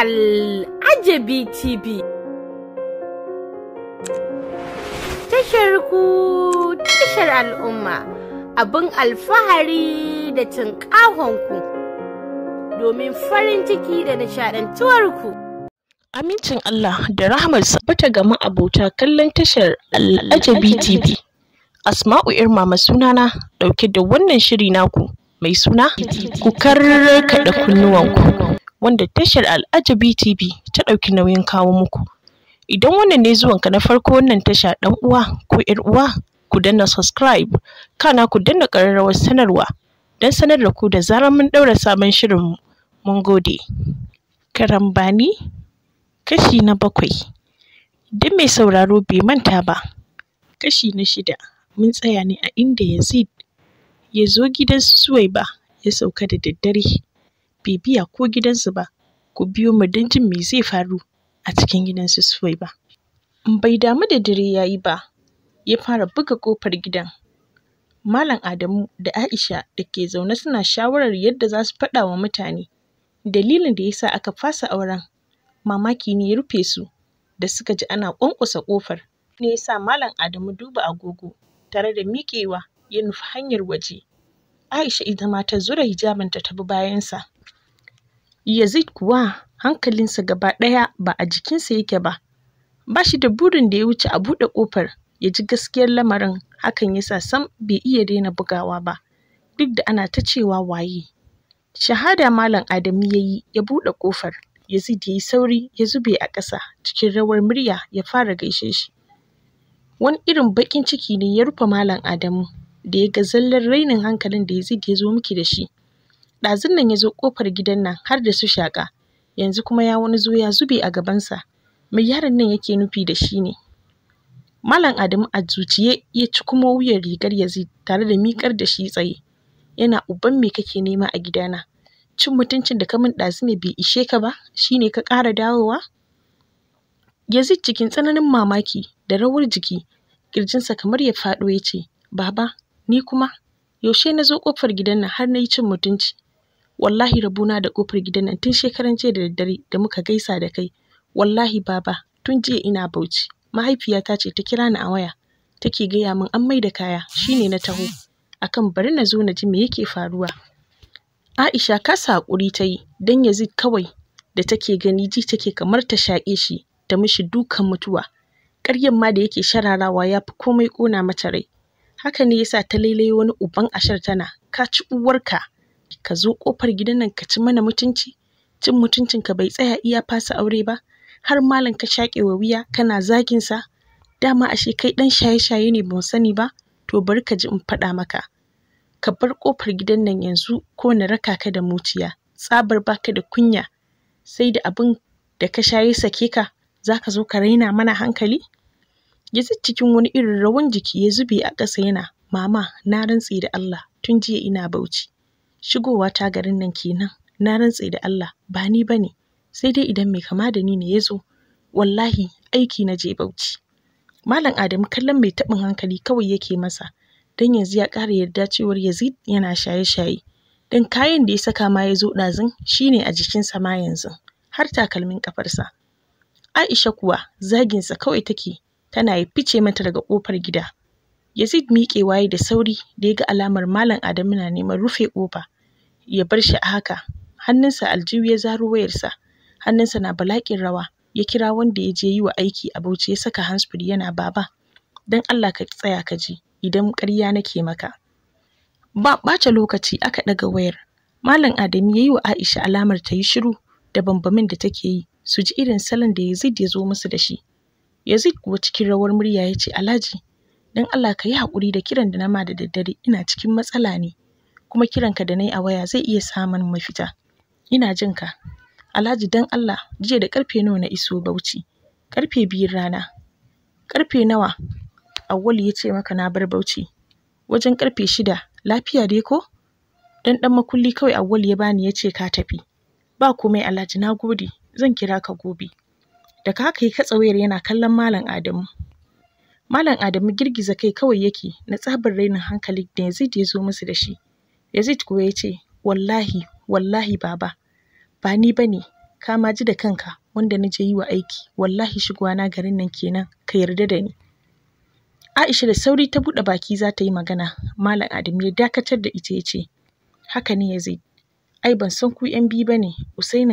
Al'ajabi TV. Tashar ku tashar al'umma abin alfahari da cin ku domin farin ciki da ku. Amincin Allah da rahmar bata gama abota kallon tashar Al'ajabi TV. Asma'u Irma sunana ɗauke da wannan shiri naku mai suna ku da kunnuwanku. wanda tashar Al'ajabi TV ta ɗauki nauyin kawo muku. Idan wannan ne zuwanka na farko wannan tasha ɗan uwa ko ‘yar uwa ku danna subscribe kana ku danna ƙararrawar sanarwa don sanar da ku da zarar mun ɗaura sabon shirin mun gode. Karambani kashi na bakwai. duk mai sauraro bai manta ba kashi na shida mun tsaya ne a inda Yazid ya zo gidan Suwaiba ya sauka da daddare bibiya ko gidansu ba ku biyo mu don jin me zai faru a cikin gidansu su ba Bai damu da dare ya yi ba, ya fara buga ƙofar gidan. Malam Adamu da Aisha da ke zaune suna shawarar yadda za su faɗa wa mutane dalilin da ya sa aka fasa auren. Mamaki ne ya rufe su da suka ji ana ƙwanƙwasa ƙofar. Ne ya sa Malam Adamu duba agogo tare da miƙewa ya nufi hanyar waje. Aisha ita ma ta zura hijabinta ta bi bayansa. Yazid kuwa hankalinsa gaba ɗaya ba a jikinsa yake ba. Ba shi da burin da ya wuce a buɗe ƙofar ya ji gaskiyar lamarin hakan ya sa sam bai iya daina bugawa ba duk da ana ta cewa waye. Shahada Malam Adamu ya yi ya buɗe ƙofar. Yazid ya yi sauri ya zube a ƙasa cikin rawar murya ya fara gaishe shi. Wani irin baƙin ciki ne ya rufe Malam Adamu da ya ga zallar rainin hankalin da Yazid ya zo miki da shi. ɗazun nan ya zo ƙofar gidan nan har da su shaƙa yanzu kuma ya wani zo ya zube a gabansa mai yaron nan yake nufi da shi ne malam adamu a zuciye ya ci kuma wuyan rigar yazid tare da miƙar da shi tsaye yana uban me kake nema a gidana cin mutuncin da ka min ɗazu ne bai ishe ka ba shine ka ƙara dawowa yazid cikin tsananin mamaki da rawar jiki ƙirjinsa kamar ya faɗo ya ce baba ni kuma yaushe na zo ƙofar gidan nan har na yi cin mutunci wallahi rabuna da kofar gidan nan tun shekaran jiya da daddare da muka gaisa da kai wallahi baba tun jiya ina bauchi mahaifiyata ce ta kira ni a waya take gaya min an da kaya shine na taho akan bari na zo na ji me yake faruwa Aisha kasa haƙuri ta yi dan Yazid kawai da take gani ji take kamar ta shaƙe shi ta mishi dukan mutuwa ƙaryan ma da yake shararawa ya fi komai kona mata rai haka ne yasa ta lailai wani uban ashar tana ka ci uwarka ka zo ƙofar gidan nan ka ci mana mutunci cin mutuncin ka bai tsaya iya fasa aure ba har malam ka shaƙe wa wuya kana zagin sa dama ashe kai ɗan shaye-shaye ne ba sani ba to bari ka ji in faɗa maka ka bar ƙofar gidan nan yanzu ko na raka ka da muciya tsabar baka da kunya sai da abin da ka shaye sake ka zaka zo ka raina mana hankali Yazid cikin wani irin rawan jiki ya zube a ƙasa yana mama na rantse da Allah tun jiya ina bauchi shigowa ta garin nan kenan na rantse da Allah ba ni bane sai dai idan mai kama da ni ne ya zo wallahi aiki na je Bauchi Malam Adamu kallon mai taɓin hankali kawai yake masa dan yanzu ya ƙara yarda cewar Yazid yana shaye-shaye Dan kayan da ya saka ma ya zo ɗazun shine a jikinsa ma yanzu har takalmin ƙafarsa. Aisha kuwa zaginsa kawai take tana ya fice mata daga ƙofar gida. Yazid miƙewa waye da sauri da ya ga alamar Malam Adamu na neman rufe ƙofa ya bar shi a haka hannunsa aljihu ya zaro wayarsa hannunsa na balaƙin rawa ya kira wanda ya je yi wa aiki a Bauchi ya saka handsfree yana baba don Allah ka tsaya ka ji idan ƙarya nake maka ba ɓata lokaci aka ɗaga wayar Malam Adamu ya yi wa Aisha alamar ta yi shiru da bambamin da take yi su ji irin salon da Yazid ya zo musu da shi Yazid kuwa cikin rawar murya ya ce Alhaji don Allah ka yi haƙuri da kiran da na ma da daddare ina cikin matsala ne kuma kiranka da na yi a waya zai iya samun mafita ina jin ka alhaji dan allah jiya da karfe nawa na iso bauchi karfe biyun rana karfe nawa Auwalu ya ce maka na bar bauchi wajen karfe shida lafiya dai ko dan dan makulli kawai Auwalu ya bani ya ce ka tafi ba komai alhaji na gode zan kira ka gobe daga haka ya katsa wayar yana kallon malam adamu malam adamu girgiza kai kawai yake na tsabar rainin hankali, da yazid ya zo musu da shi Yazid kuwa ya ce, Wallahi, wallahi baba, ba ni ba ne, ka ma ji da kanka wanda na je yi wa aiki, wallahi shigowa na garin nan kenan, ka yarda da ni. Aisha da sauri ta buɗe baki za ta yi magana, Malam Adamu ya dakatar da ita ya ce, Haka ne Yazid, ai ban san ku ‘yan biyu ba ne,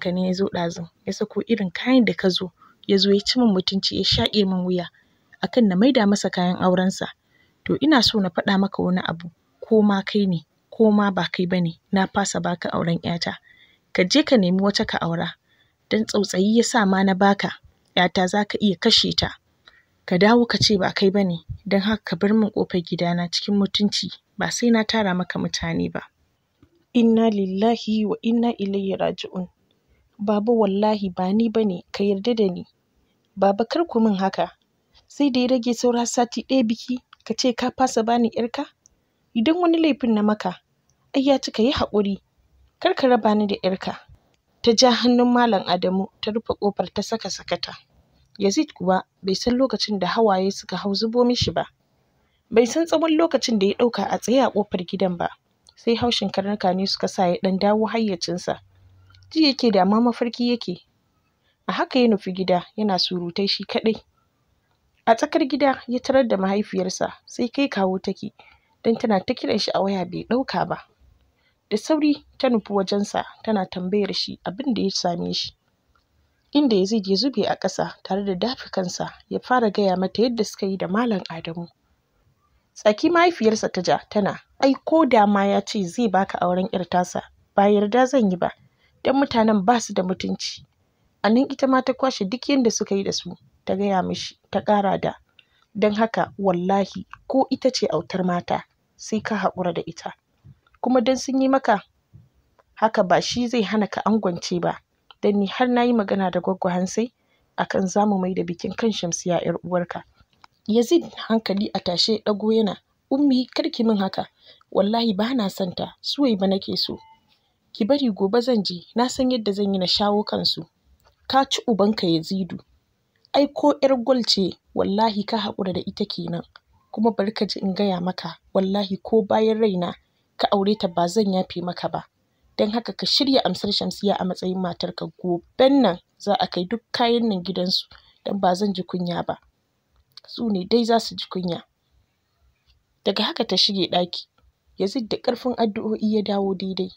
ka ne ya zo ɗazun, ya sako irin kayan da ka zo, ya zo ya ci min mutunci ya shaƙe min wuya, akan na maida masa kayan aurensa. To ina so na faɗa maka wani abu, ko ma kai ne, ko ma ba kai ba ne, na fasa baka auren 'yata. ka je ka nemi wata ka aura dan tsautsayi sa ma na baka za ka iya kashe ta ka dawo ka ce ba kai ba ne, don haka ka bar min ƙofar gidana cikin mutunci ba sai na tara maka mutane ba inna lillahi wa inna ilaihi raji'un baba wallahi ba ni bane ka yarda da ni baba kar ku min haka sai dai ya rage saura sati ɗaya biki ka ce ka fasa bani 'yarka? idan wani laifin na maka ayya cika yi haƙuri, kar ka raba ni da ‘yarka. Ta ja hannun Malam Adamu ta rufe ƙofar ta saka sakata. Yazid kuwa bai san lokacin da hawaye suka hau zubo mishi ba. Bai san tsawon lokacin da ya ɗauka a tsaye a ƙofar gidan ba, sai haushin karnuka ne suka sa ya ɗan dawo hayyacinsa. Ji yake da ma mafarki yake. A haka ya nufi gida yana surutai shi kaɗai. A tsakar gida ya tarar da mahaifiyarsa sai kai kawo take, don tana ta kiran shi a waya bai ɗauka ba. da sauri ta nufi wajensa tana tambayar shi abin da ya same shi inda yazid ya zube a ƙasa tare da dafikansa, ya fara gaya mata yadda suka yi da malam adamu tsaki mahaifiyarsa ta ja tana ai ko da ma ya ce zai baka auren yar tasa ba yarda zan yi ba don mutanen ba su da mutunci a nan ita ma ta kwashe duk yadda suka yi da su ta gaya mishi ta ƙara da don haka wallahi ko ita ce autar mata sai ka haƙura da ita kuma don sun yi maka haka ba shi zai hana ka angwance ba don ni har na yi magana da gwaggwa hansai akan za mu mai da bikin kan shamsiya yar uwarka yazid hankali a tashe ya ɗago yana ummi karki min haka wallahi ba na santa ta suwai ba nake so ki bari gobe zan je na san yadda zan yi na shawo kansu ka ci ubanka yazidu ai ko yar gwal ce wallahi ka haƙura da ita kenan kuma bari ka ji in gaya maka wallahi ko bayan raina ka aure ta ba zan yafe maka ba don haka ka shirya amsar shamsiya a matsayin matarka goben nan za a kai duk kayan nan gidansu don ba zan ji kunya ba su ne dai za su ji kunya daga haka ta shige ɗaki Ya da ƙarfin addu'o'i ya dawo daidai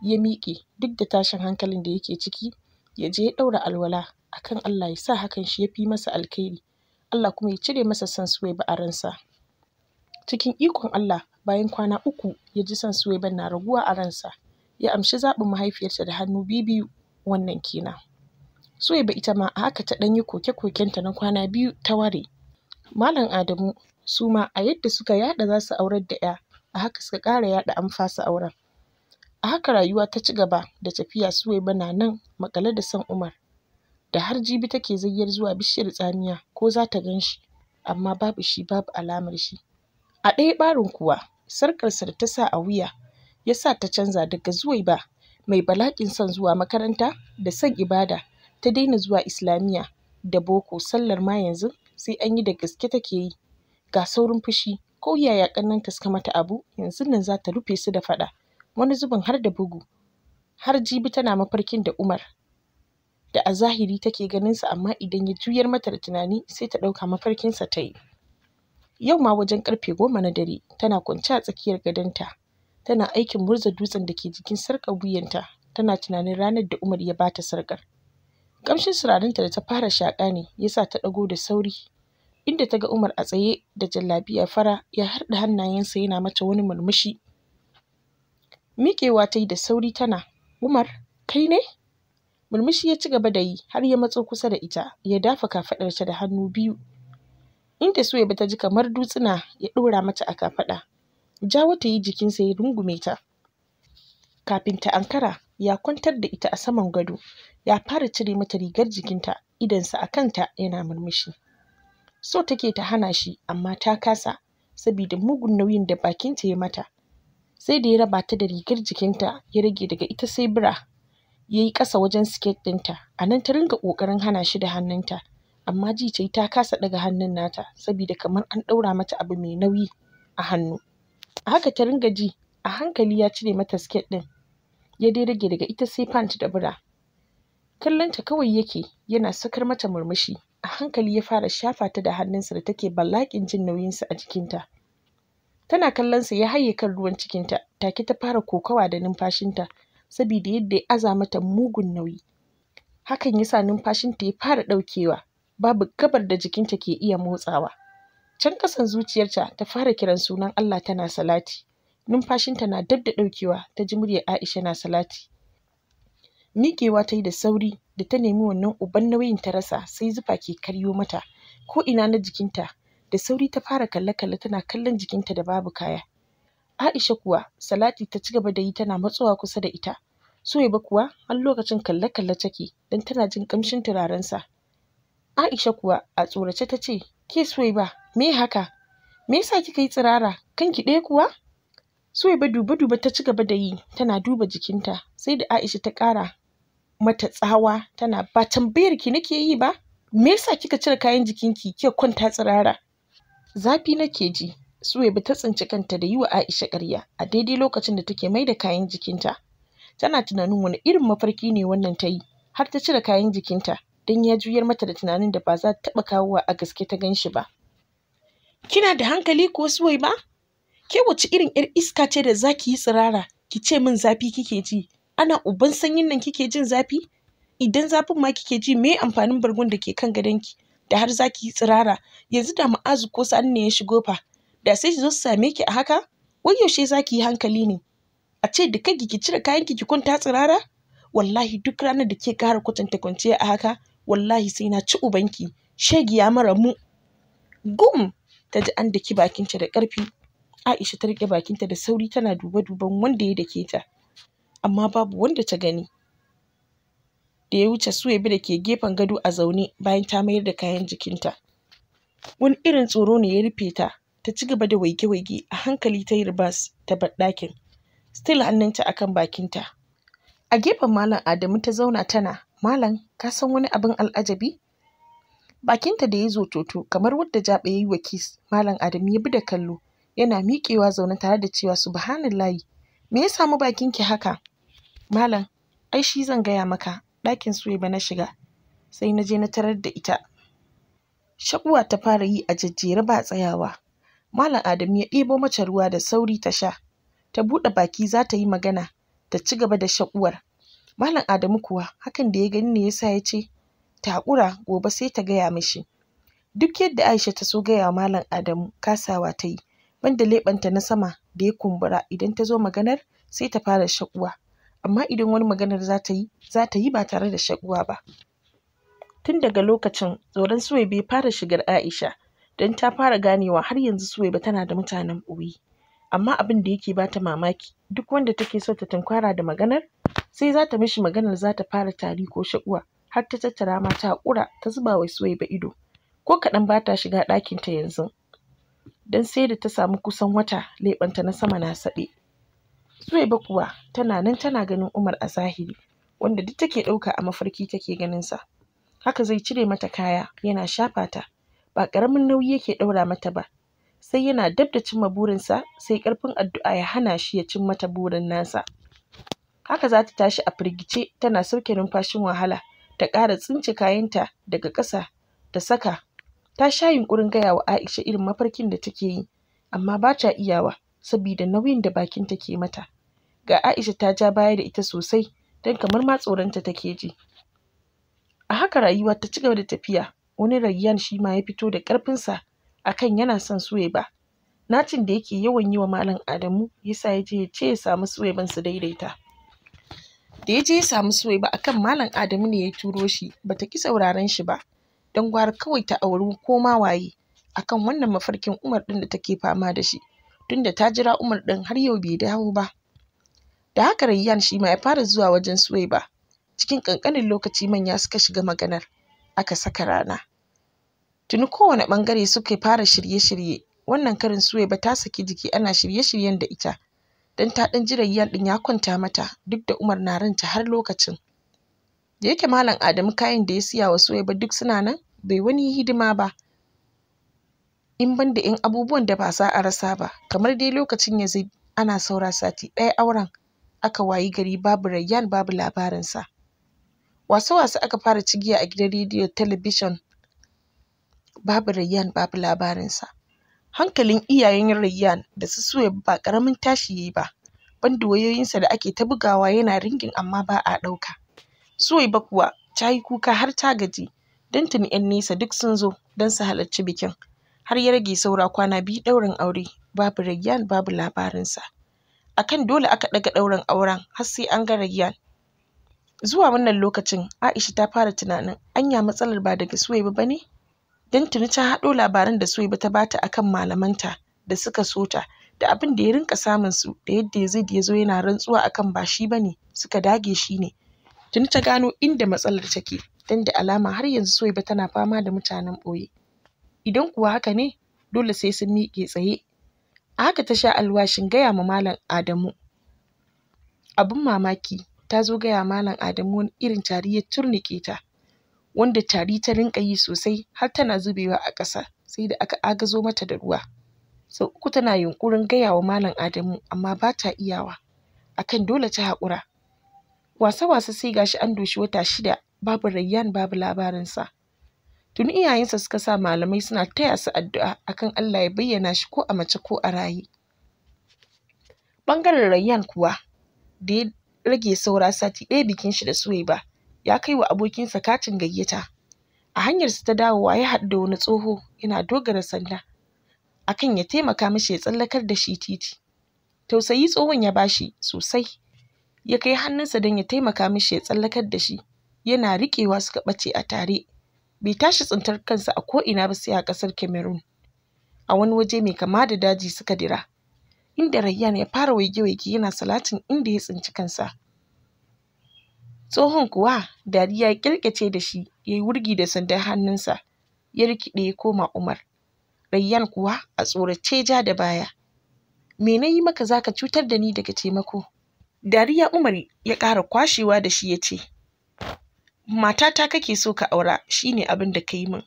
ya miƙe duk da tashin hankalin da yake ciki ya je ya ɗaura alwala akan Allah ya sa hakan shi ya fi masa alkhairi Allah kuma ya cire masa san suwai ba a ransa cikin ikon Allah Bayan kwana uku ya ji son Suwaiban na raguwa a ransa. Ya amshi zaɓin mahaifiyarsa da hannu biyu wannan kenan. Suwaiba ita ma a haka ta ɗan yi koke-kokenta na kwana biyu ta ware. Malam Adamu su ma a yadda suka yaɗa za su aurar da ‘ya a haka suka ƙara yaɗa an fasa auren. A haka rayuwa ta ci gaba da tafiya Suwaiba na nan maƙale da son Umar da har jibi take zayyar zuwa bishiyar tsamiya ko za ta gan shi amma babu shi babu alamar shi. A ɗaya ɓarin kuwa sarƙarsa da ta sa a wuya ya sa ta canza daga Zuwaiba mai bala'in son zuwa makaranta da son ibada ta daina zuwa islamiyya da boko sallar ma yanzu sai an yi da gaske take yi ga saurin fushi ko yaya ta suka mata abu yanzu nan za ta rufe su da faɗa wani zubin har da bugu har jibi tana mafarkin da Umar da a zahiri take ganinsa amma idan ya juyar mata da tunani sai ta ɗauka mafarkinsa ta yi. yau ma wajen karfe goma na dare tana kwance a tsakiyar gadonta tana aikin murza dutsen da ke jikin sarkar wuyanta tana tunanin ranar da Umar ya bata sarkar kamshin surarinta da ta fara shaƙa ne yasa ta ɗago da sauri inda ta ga Umar a tsaye da jallabiya fara ya harɗa hannayensa yana mata wani murmushi miƙewa ta yi da sauri tana Umar kai ne murmushi ya ci gaba da yi har ya matso kusa da ita ya dafa kafaɗarta da hannu biyu inda Suwaiba ta ji kamar dutsuna ya ɗora mata a kafaɗa. Jawo ta yi jikinsa ya rungume ta. Kafin ta ankara ya kwantar da ita a saman gado ya fara cire mata rigar jikinta idansa a kanta yana murmushi. So take ta hana shi amma ta kasa saboda mugun nauyin da bakinta ya mata. Sai da ya raba ta da rigar jikinta ya rage daga ita sai bira ya yi ƙasa wajen siket ɗinta a nan ta ringa ƙoƙarin hana shi da hannunta amma ji tayi ta kasa ɗaga hannun nata sabida kamar an ɗaura mata abu mai nauyi a hannu a haka ta ringa ji a hankali ya cire mata siket ɗin ya dai rage daga ita sai pant da bra kallon ta kawai yake yana sakar mata murmushi a hankali ya fara shafa ta da hannunsa da take bala'in jin nauyinsa a jikinta tana kallon sa ya haye kan ruwan cikinta take ta fara kokawa da numfashinta sabida yadda ya aza mata mugun nauyi hakan yasa numfashinta ya fara ɗaukewa babu gabar da jikinta ke iya motsawa can ƙasan zuciyarta ta fara kiran sunan Allah tana salati numfashinta na dab da ɗaukewa ta ji muryar Aisha na salati miƙewa ta yi da sauri da ta nemi wannan uban nauyin ta rasa sai zufa ke karyo mata ko ina na jikinta da sauri ta fara kalle-kalle tana kallon jikinta da babu kaya Aisha kuwa Salati ta ci gaba da yi tana matsowa kusa da ita. Suwaiba kuwa har lokacin kalle-kalle take don tana jin ƙamshin turarensa Aisha kuwa a tsorace ta ce, Ke Suwaiba, me haka? Me yasa kika yi tsirara? Kanki ɗaya kuwa? Suwaiba duba-duba ta ci gaba da yi, tana duba jikinta, sai da Aisha ta ƙara mata tsawa tana ba tambayar ki nake yi ba? Me yasa kika cire kayan jikinki ke kwanta tsirara? Zafi nake ji. ba ta tsinci kanta da yi wa Aisha ƙarya a daidai lokacin da take mai da kayan jikinta. Tana tunanin wani irin mafarki ne wannan ta yi har ta cire kayan jikinta. don ya juyar mata da tunanin da ba za ta taɓa kawowa a gaske ta gan shi ba. Kina da hankali ko suwai ba? Ke wace irin 'yar iska ce da za ki yi tsirara ki ce min zafi kike ji? Ana uban sanyin nan kike jin zafi? Idan zafin ma kike ji me amfanin bargon da ke kan gadon ki, da har za ki yi tsirara? Yanzu da ma'azu ko sani ne ya shigo fa? Da sai ki zo su same ki a haka? Wai yaushe za ki yi hankali ne? A ce da kanki ki cire kayan ki kwanta tsirara? wallahi duk ranar da ke ƙara kwatanta kwanciya a haka wallahi sai na ci ubanki shegiya mara mu gum ta ji an daki bakinta da ƙarfi aisha ta riƙe bakinta da sauri tana duba-duban wanda ya dake ta amma babu wanda ta gani da ya wuce su bi da ke gefen gado a zaune bayan ta mayar da kayan jikinta wani irin tsoro ne ya rufe ta ta ci gaba da waige-waige a hankali ta yi ribas ta bar ɗakin still hannunta akan bakinta a gefen malam adamu ta zauna tana Malam ka san wani abin al'ajabi? Bakinta da ya zototo kamar wadda jaɓa ya yi wa kis Malam Adam ya bi da kallo yana miƙewa zaune tare da cewa su: layi. me ya samu ki haka? Malam ai shi zan gaya maka ɗakin ba na shiga sai na je na tarar da ita. Shaƙuwa ta fara yi a jajjere ba tsayawa. Malam Adam ya ɗebo mace ruwa da sauri ta sha. Ta buɗe baki za ta yi magana ta ci gaba da shaƙuwar malam adamu kuwa hakan da ya gani ne yasa ya ce ta haƙura gobe sai ta gaya mishi duk yadda aisha ta so gaya wa malam adamu kasawa ta yi banda ta na sama da ya kumbura idan ta zo maganar sai ta fara shaƙuwa amma idan wani maganar za ta yi za ta yi ba tare da shaƙuwa ba tun daga lokacin tsoron suwaiba ya fara shigar aisha don ta fara ganewa har yanzu ba tana da mutanen ɓoye amma abin da yake bata mamaki duk wanda take so ta tunkara da maganar sai za ta mishi maganar za ta fara tari ko shaƙuwa har ta tattara ma ta haƙura ta zuba wa Suwaiba ido ko kaɗan ba ta shiga ɗakin ta yanzu don sai da ta samu kusan wata leɓanta na sama na saɓe Suwaiba kuwa tana nan tana ganin Umar a zahiri wanda duk take ɗauka a mafarki take ganin sa haka zai cire mata kaya yana shafa ta ba ƙaramin nauyi yake ɗaura mata ba sai yana dab da cimma burinsa sai ƙarfin addu'a ya hana shi ya cin mata burin nasa haka za ta tashi a firgice tana sauke numfashin wahala ta ƙara tsince kayanta daga ƙasa ta saka ta sha yunƙurin gaya wa Aisha irin mafarkin da take yi amma ba ta iyawa saboda nauyin da bakin take mata ga Aisha ta ja baya da ita sosai don kamar ma tsoronta take ji a haka rayuwa ta ci gaba da tafiya wani rayyan shi ma ya fito da ƙarfinsa akan yana son Suwaiba nacin da yake yawan yi wa malam Adamu yasa ya je ya ce ya samu Suwaiban su daidaita da ya je ya samu soyi ba akan malam adamu ne ya turo shi bata ki sauraron shi ba don gwara kawai ta auri ko ma waye akan wannan mafarkin umar ɗin da take fama da shi tunda ta jira umar ɗin har yau bai dawo ba da haka rayyan shi ma ya fara zuwa wajen ba cikin ƙanƙanin lokaci manya suka shiga maganar aka saka rana tuni kowane bangare suka fara shirye-shirye wannan karin ba ta saki jiki ana shirye-shiryen da ita don ta ɗan ji rayyan ɗin ya kwanta mata duk da Umar na ranta har lokacin. Da yake Malam Adamu kayan da ya siya wa ba duk suna nan bai wani hidima ba. In ban da 'yan abubuwan da ba za a rasa ba kamar dai lokacin Yazid ana saura sati ɗaya auren aka wayi gari babu Rayyan babu labarinsa. Wasu-wasu aka fara cigiya a gidan rediyo talabijin babu Rayyan babu labarinsa. Hankalin iyayen Rayyan da su Suwaiba ba ƙaramin tashi ya yi ba, banda wayoyinsa da ake ta bugawa yana ringin amma ba a ɗauka. Suwaiba kuwa ta yi kuka har ta gaji, don tuni 'yan nesa duk sun zo don su halarci bikin. Har ya rage saura kwana biyu ɗaurin aure, babu Rayyan babu labarinsa. A kan dole aka ɗaga ɗaurin auren har sai an ga Rayyan. Zuwa wannan lokacin Aisha ta fara tunanin anya matsalar ba daga Suwaiba ba ne? don tuni ta haɗo labaran da Suwaiba ta bata akan malamanta da suka sota da abin da ya rinka samun su da yadda Yazid ya zo yana rantsuwa akan ba shi bane suka dage shi ne tuni ta gano inda matsalar take don da alama har yanzu Suwaiba tana fama da mutanen ɓoye idan kuwa haka ne dole sai sun miƙe tsaye a haka ta sha alwashin gaya ma malam Adamu abin mamaki ta zo gaya malam Adamu wani irin tari ya turnike ta wanda tari ta rinƙa yi sosai har tana zubewa a ƙasa sai da aka agazo mata da ruwa sau uku tana yunƙurin gaya wa malam Adamu amma ba ta iyawa akan dole ta haƙura wasa-wasa sai gashi an doshi wata shida babu Rayyan babu labarinsa tuni iyayensa suka sa malamai suna taya su addu'a akan Allah ya bayyana shi ko a mace ko a raye ɓangaren Rayyan kuwa da ya rage saura sati ɗaya bikin shi da ba ya kai wa abokinsa katin gayyata a hanyarsa ta dawowa ya haɗu da wani tsoho yana dogara sanda akan ya taimaka mishi ya tsallakar da shi titi tausayi tsohon ya bashi sosai ya kai hannunsa don ya taimaka mishi ya tsallakar da shi yana riƙewa suka ɓace a tare bai tashi tsintar kansa a ko'ina ba sai a ƙasar cameroon a wani waje mai kama da daji suka dira inda rayyan ya fara waige-waige yana salatin inda ya tsinci kansa Tsohon kuwa dariya ya kirkice da shi ya yi wurgi da sandar hannunsa ya rikide ya koma Umar. Rayyan kuwa a tsorace ja da baya. Me na yi maka zaka cutar da ni daga taimako? Dariya Umar ya ƙara kwashewa da shi ya ce, Matata kake so ka aura shine abin da ka yi min.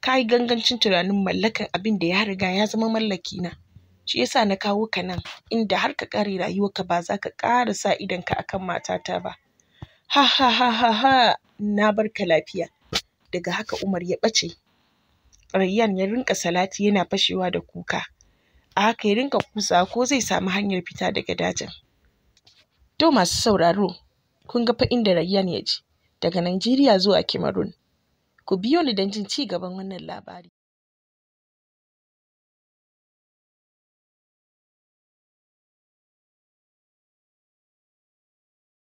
Ka yi gangancin tunanin mallakan abin da ya riga ya zama mallaki na. Shi yasa na kawo ka nan inda har ka ƙare rayuwarka ba za ka ƙara sa idonka akan matata ba. ha ha ha ha ha na barka lafiya daga haka Umar ya ɓace Rayyan ya rinka salati yana fashewa da kuka a haka ya rinka kusa ko zai samu hanyar fita daga dajin to masu sauraro kun ga fa inda Rayyan ya ji daga Najeriya zuwa Cameroon ku biyo ni don jin ci gaban wannan labari